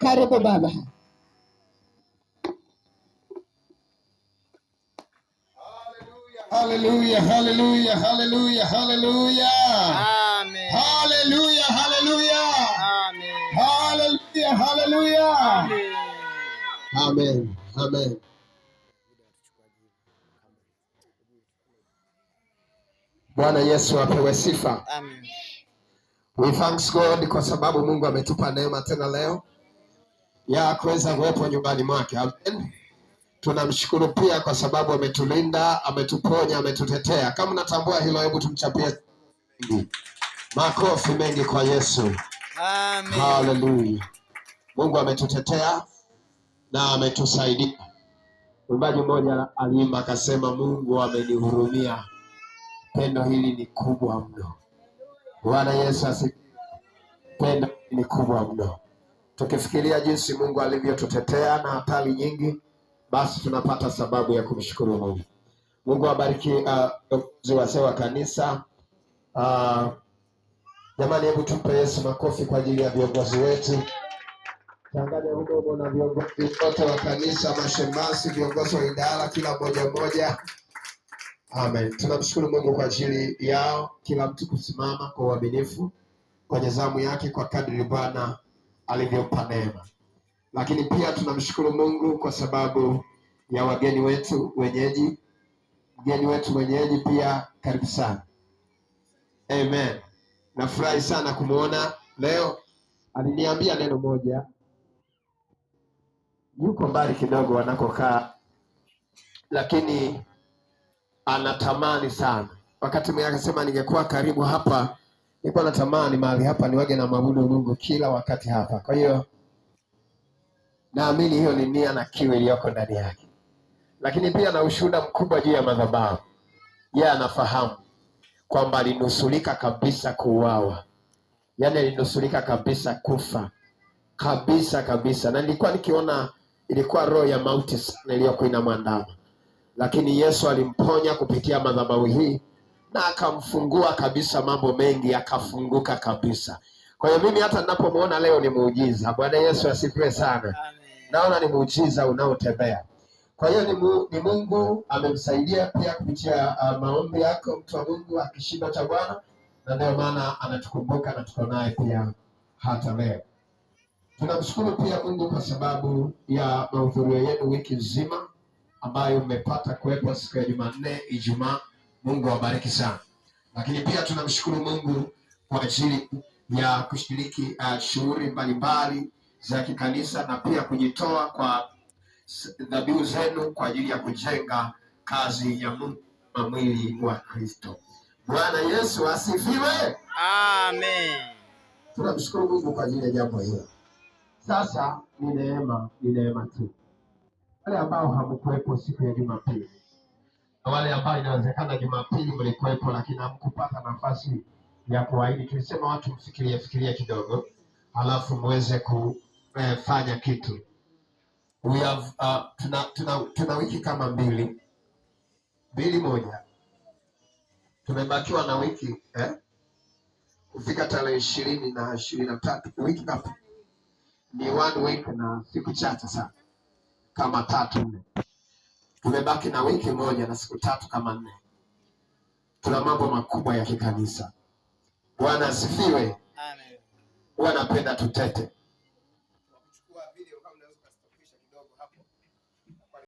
Karibu baba. Haleluya, haleluya, haleluya, haleluya. Amen. Haleluya, haleluya. Amen. Haleluya, haleluya. Amen. Amen. Amen. Bwana Yesu apewe sifa. Amen. We thanks God kwa sababu Mungu ametupa neema tena leo ya kuweza kuwepo nyumbani mwake. Amen. Tunamshukuru pia kwa sababu ametulinda, ametuponya, ametutetea. Kama natambua hilo, hebu tumchapie makofi mengi kwa Yesu. Amen. Mungu ametutetea na ametusaidia. Mwimbaji mmoja aliimba akasema, Mungu amenihurumia, pendo hili ni kubwa mno. Bwana Yesu asifiwe, pendo hili ni kubwa mno. Tukifikiria jinsi Mungu alivyotutetea na hatari nyingi, basi tunapata sababu ya kumshukuru Mungu. Mungu abariki uh, wazee wa kanisa. Uh, jamani, hebu tupe Yesu makofi kwa ajili ya viongozi wetu. tangaza huko huko na viongozi wote wa kanisa, mashemasi, viongozi wa idara, kila mmoja mmoja. Amen. Tunamshukuru Mungu kwa ajili yao, kila mtu kusimama kwa uaminifu kwenye zamu yake kwa kadri Bwana alivyopa neema. Lakini pia tunamshukuru Mungu kwa sababu ya wageni wetu wenyeji. Mgeni wetu mwenyeji pia karibu sana. Amen. Nafurahi sana kumwona leo. Aliniambia neno moja, yuko mbali kidogo wanakokaa, lakini anatamani sana. Wakati mwingine akasema, ningekuwa karibu hapa nilikuwa natamani mahali hapa niwaje na mabudu Mungu kila wakati hapa. Kwa hiyo naamini hiyo ni nia na kiu iliyoko ndani yake, lakini pia na ushuhuda mkubwa juu ya madhabahu. Yeye anafahamu kwamba alinusulika kabisa kuuawa, yaani alinusulika kabisa kufa kabisa kabisa, na nilikuwa nikiona ilikuwa roho ya mauti sana iliyokuwa inamwandama, lakini Yesu alimponya kupitia madhabahu hii na akamfungua kabisa, mambo mengi akafunguka kabisa. Kwa hiyo mimi hata ninapomwona leo ni muujiza. Bwana Yesu asifiwe sana. Naona ni muujiza unaotembea. Kwa hiyo ni Mungu amemsaidia pia kupitia uh, maombi yako mtu wa Mungu akishinda cha Bwana, na ndio maana anatukumbuka na tuko naye pia hata leo. Tunamshukuru pia Mungu kwa sababu ya mahudhurio yenu wiki nzima ambayo mmepata kuwepo siku ya Jumanne, Ijumaa Mungu awabariki sana. Lakini pia tunamshukuru Mungu kwa ajili ya kushiriki uh, shughuli mbalimbali za kikanisa na pia kujitoa kwa dhabihu zenu kwa ajili ya kujenga kazi ya Mungu mwili wa Kristo. Bwana Yesu asifiwe. Amen. Tunamshukuru Mungu kwa ajili ya jambo hilo. Sasa ni neema, ni neema tu. Wale ambao hamkuwepo siku ya Jumapili na wale ambao inawezekana Jumapili mlikuwepo lakini hamkupata nafasi ya kuahidi. Tulisema watu mfikirie fikirie kidogo, alafu mweze kufanya eh, kitu. We have, uh, tuna, tuna, tuna wiki kama mbili mbili moja, tumebakiwa na wiki eh, kufika tarehe ishirini na ishirini na tatu wiki ngapi? Ni one week na siku chache sana kama tatu nne umebaki na wiki moja na siku tatu kama nne. Tuna mambo makubwa ya kikanisa. Bwana asifiwe. Amen. Huwa napenda tutete